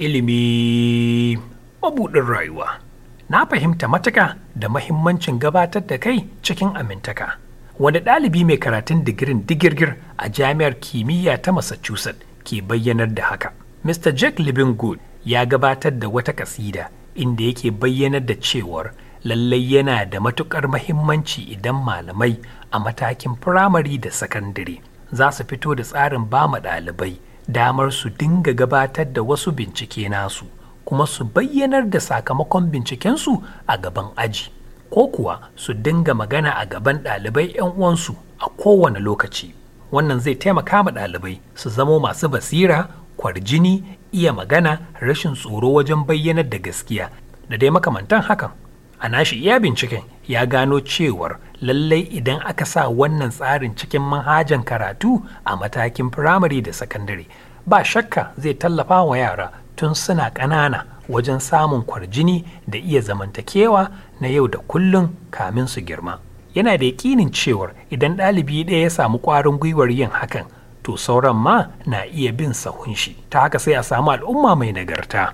Ilimi mabuɗin rayuwa. Na fahimta matuƙa da mahimmancin gabatar da kai cikin amintaka. Wani ɗalibi mai karatun digirin digirgir a Jami'ar Kimiyya ta Massachusetts ke bayyanar da haka. Mr. Jack Livingood ya gabatar da wata kasida inda yake bayyanar da cewar lallai yana da matuƙar mahimmanci idan malamai a matakin firamare da sakandare za su fito da tsarin bama ɗalibai damar su dinga gabatar da wasu bincike nasu kuma su bayyanar da sakamakon bincikensu a gaban aji ko kuwa su dinga magana a gaban ɗalibai 'yan uwansu a kowane lokaci wannan zai taimaka ma ɗalibai su zamo masu basira kwarjini iya magana rashin tsoro wajen bayyanar da gaskiya da dai makamantan hakan a nashi iya binciken ya gano cewar lallai idan aka sa wannan tsarin cikin manhajan karatu a matakin firamare da sakandare ba shakka zai tallafa wa yara tun suna ƙanana wajen samun kwarjini da iya zamantakewa na yau da kullun kamin su girma yana da yaƙinin cewar idan ɗalibi ɗaya ya samu ƙwarin gwiwar yin hakan to sauran ma na iya bin sahun shi ta haka sai a samu al'umma mai nagarta